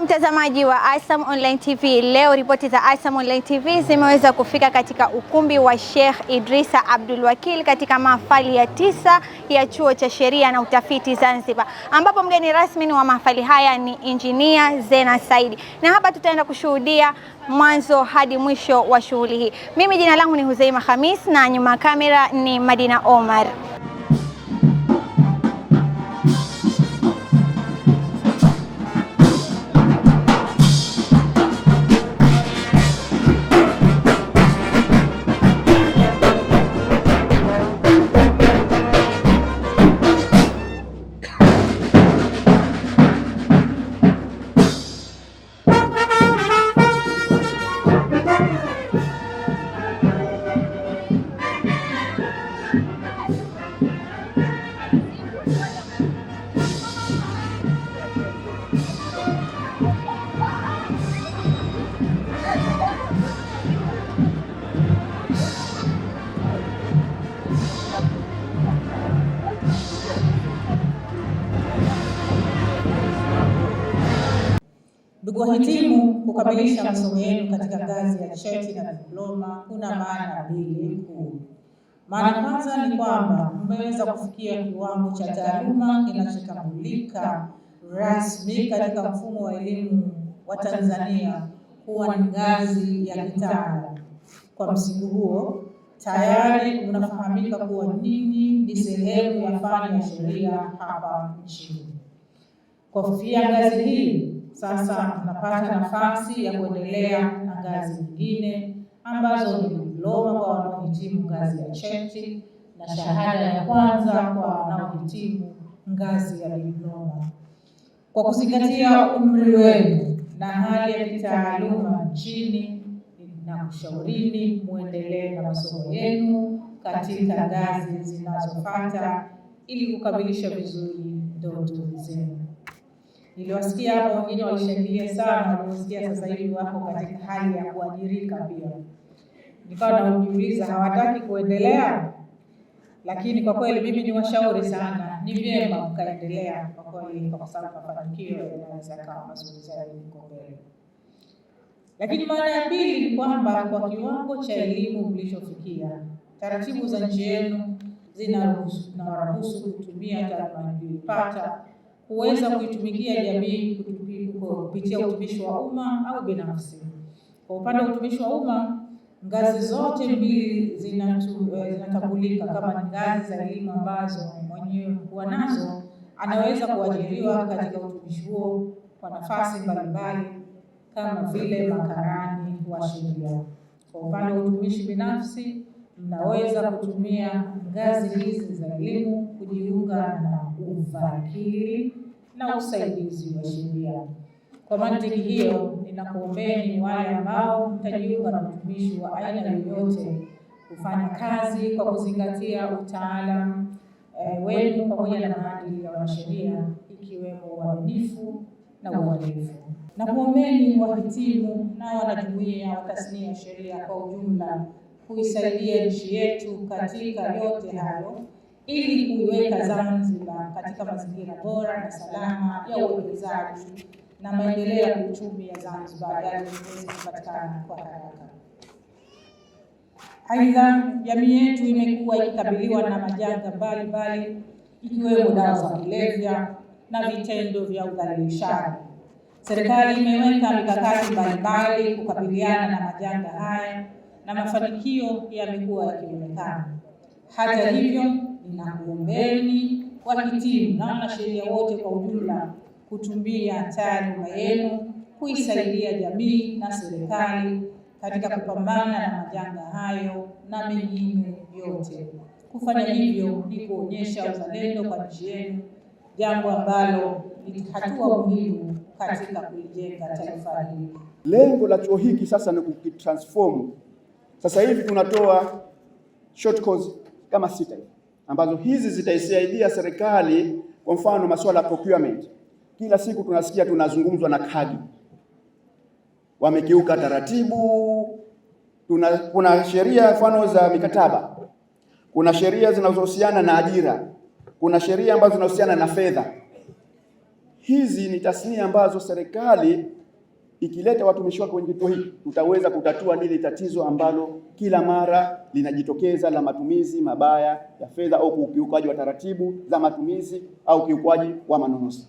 mtazamaji wa Asam Online TV. Leo ripoti za Asam Online TV zimeweza kufika katika ukumbi wa Sheikh Idrisa Abdul Wakil katika mahafali ya tisa ya Chuo cha Sheria na Utafiti Zanzibar, ambapo mgeni rasmi wa mahafali haya ni Injinia Zena Saidi, na hapa tutaenda kushuhudia mwanzo hadi mwisho wa shughuli hii. Mimi jina langu ni Huzaima Khamis na nyuma kamera ni Madina Omar. Ndugu wahitimu, kukamilisha masomo yenu katika ngazi ya cheti na diploma kuna maana mbili kuu. Maana kwanza ni kwamba mmeweza kufikia kiwango cha taaluma kinachotambulika rasmi katika mfumo wa elimu wa Tanzania kuwa ni ngazi ya kitaalamu. Kwa msingi huo, tayari mnafahamika kuwa nini ni sehemu ya fani ya sheria hapa nchini. Kufikia ngazi hii sasa tunapata nafasi ya kuendelea na ngazi nyingine ambazo ni diploma kwa wanaohitimu ngazi ya cheti na shahada ya kwanza kwa wanaohitimu ngazi ya diploma. Kwa kuzingatia umri wenu na hali ya kitaaluma nchini, ninakushauri muendelee na masomo yenu katika ngazi zinazofuata ili kukamilisha vizuri ndoto zenu. Niliwasikia hapo wengine walishangilia sana, waliosikia sasa hivi wako katika hali ya kuajirika pia. Nikawa naujiuliza hawataki kuendelea, lakini kwa kweli mimi ni washauri sana, ni vyema mkaendelea kwa kweli, kwa sababu mafanikio yanaweza kawa mazuri zaidi huko mbele. Lakini maana ya pili ni kwamba kwa kiwango cha elimu mlichofikia, taratibu za nchi yenu zinaruhusu na waruhusu kutumia taaluma mliyopata huweza kuitumikia jamii kupitia utumishi wa umma au binafsi. Kwa upande wa utumishi wa umma, ngazi zote mbili eh, zinatambulika kama ni ngazi za elimu ambazo mwenyewe kuwa nazo, anaweza kuajiriwa katika utumishi huo kwa nafasi mbalimbali kama vile makarani wa sheria. Kwa upande wa utumishi binafsi mnaweza kutumia ngazi hizi za elimu kujiunga na uvakili na usaidizi wa sheria. Kwa mantiki hiyo, ninakuombeni wale ambao mtajiunga na utumishi wa aina yoyote kufanya kazi kwa kuzingatia utaalamu eh, wenu pamoja na maadili ya wanasheria ikiwemo uaminifu na uadilifu. Nakuombeni wahitimu na wanajumuia wa tasnia ya sheria kwa ujumla kuisaidia nchi yetu katika yote hayo ili kuiweka Zanzibar katika mazingira bora na salama ya uwekezaji na maendeleo ya uchumi ya Zanzibar yaliweze kupatikana kwa haraka. Aidha, jamii yetu imekuwa ikikabiliwa na majanga mbalimbali ikiwemo dawa za kulevya na vitendo vya udhalilishaji. Serikali imeweka mikakati mbalimbali kukabiliana na majanga haya na mafanikio yamekuwa yakionekana. Hata hivyo, ninakuombeni wahitimu na wanasheria wote kwa ujumla kutumia taaluma yenu kuisaidia jamii na serikali katika kupambana na majanga hayo na mengine yote. Kufanya hivyo ni kuonyesha uzalendo kwa nchi yenu, jambo ambalo ni hatua muhimu katika kulijenga taifa hili. Lengo la chuo hiki sasa ni kukitransform sasa hivi tunatoa short course kama sita ambazo hizi zitaisaidia serikali. Kwa mfano masuala ya procurement, kila siku tunasikia tunazungumzwa na kadi wamekiuka taratibu. Tuna, kuna sheria mfano za mikataba, kuna sheria zinazohusiana na ajira, kuna sheria ambazo zinahusiana na fedha. Hizi ni tasnia ambazo serikali ikileta watumishi wake kwenye kituo hiki, tutaweza kutatua lile tatizo ambalo kila mara linajitokeza la matumizi mabaya ya fedha au ukiukaji wa taratibu za matumizi au ukiukaji wa manunuzi.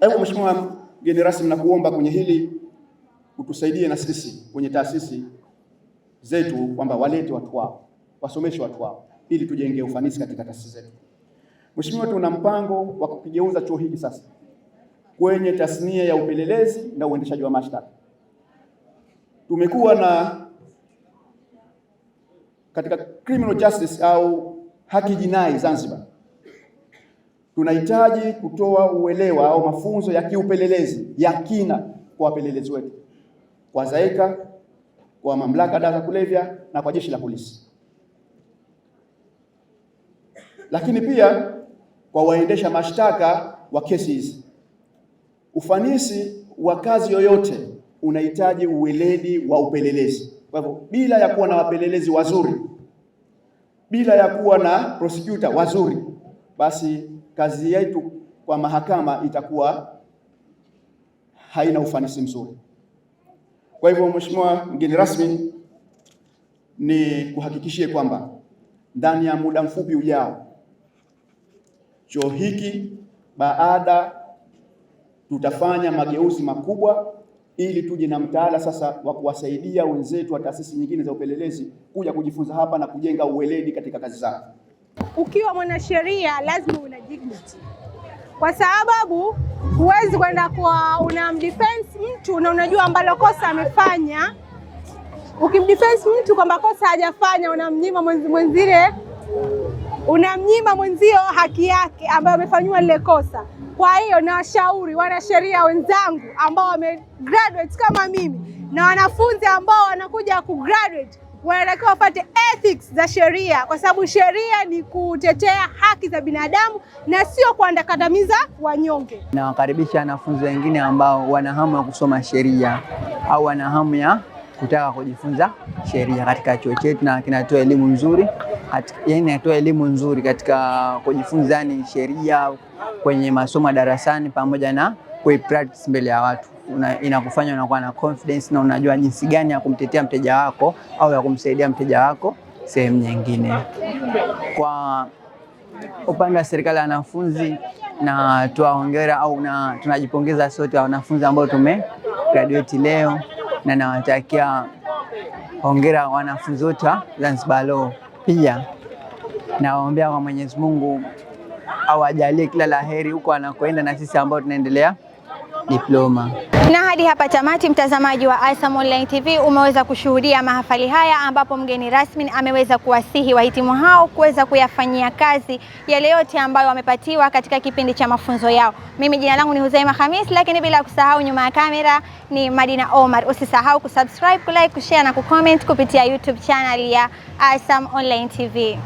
Hebu Mheshimiwa mgeni rasmi, nakuomba kwenye hili utusaidie na sisi kwenye taasisi zetu kwamba walete watu wao, wasomeshe watu wao ili tujenge ufanisi katika taasisi zetu. Mheshimiwa, tuna mpango wa kukigeuza chuo hiki sasa kwenye tasnia ya upelelezi na uendeshaji wa mashtaka. Tumekuwa na katika criminal justice au haki jinai Zanzibar, tunahitaji kutoa uelewa au mafunzo ya kiupelelezi ya kina kwa wapelelezi wetu, kwa zaika kwa mamlaka ya dawa za kulevya na kwa jeshi la polisi, lakini pia kwa waendesha mashtaka wa kesi hizi Ufanisi wa kazi yoyote unahitaji uweledi wa upelelezi. Kwa hivyo, bila ya kuwa na wapelelezi wazuri, bila ya kuwa na prosecutor wazuri, basi kazi yetu kwa mahakama itakuwa haina ufanisi mzuri. Kwa hivyo, Mheshimiwa mgeni rasmi, ni kuhakikishie kwamba ndani ya muda mfupi ujao chuo hiki baada tutafanya mageuzi makubwa ili tuje na mtaala sasa wa kuwasaidia wenzetu wa taasisi nyingine za upelelezi kuja kujifunza hapa na kujenga uweledi katika kazi zao. Ukiwa mwanasheria lazima una dignity, kwa sababu huwezi kwenda kwa unamdefense mtu na unajua ambalo kosa amefanya. Ukimdefense mtu kwamba kosa hajafanya, unamnyima mwenzile unamnyima mwenzio haki yake ambayo amefanyiwa lile kosa. Kwa hiyo nawashauri wanasheria wenzangu ambao wame graduate kama mimi na wanafunzi ambao wanakuja ku graduate wanatakiwa wapate ethics za sheria, kwa sababu sheria ni kutetea haki za binadamu na sio kuandakandamiza wanyonge. Nawakaribisha wanafunzi wengine ambao wana hamu ya kusoma sheria au wana hamu ya kutaka kujifunza sheria katika chuo chetu, na kinatoa elimu nzuri yani natoa elimu nzuri katika kujifunza ni sheria kwenye masomo darasani, pamoja na kui practice mbele ya watu una, inakufanya unakuwa na confidence na unajua jinsi gani ya kumtetea mteja wako au ya kumsaidia mteja wako sehemu nyingine. Kwa upande wa serikali ya wanafunzi, na tuwaongera au na, tunajipongeza sote wanafunzi ambao tume graduate leo, na nawatakia hongera wanafunzi wote wa Zanzibar Law. Pia nawaombea kwa Mwenyezi Mungu awajalie kila laheri huko anakoenda na sisi ambao tunaendelea diploma. Na hadi hapa tamati, mtazamaji wa ASAM Online TV umeweza kushuhudia mahafali haya ambapo mgeni rasmi ameweza kuwasihi wahitimu hao kuweza kuyafanyia kazi yale yote ambayo wamepatiwa katika kipindi cha mafunzo yao. Mimi jina langu ni Huzaima Khamis, lakini bila kusahau nyuma ya kamera ni Madina Omar. Usisahau kusubscribe, kulike, kushare na kucomment kupitia YouTube channel ya ASAM Online TV.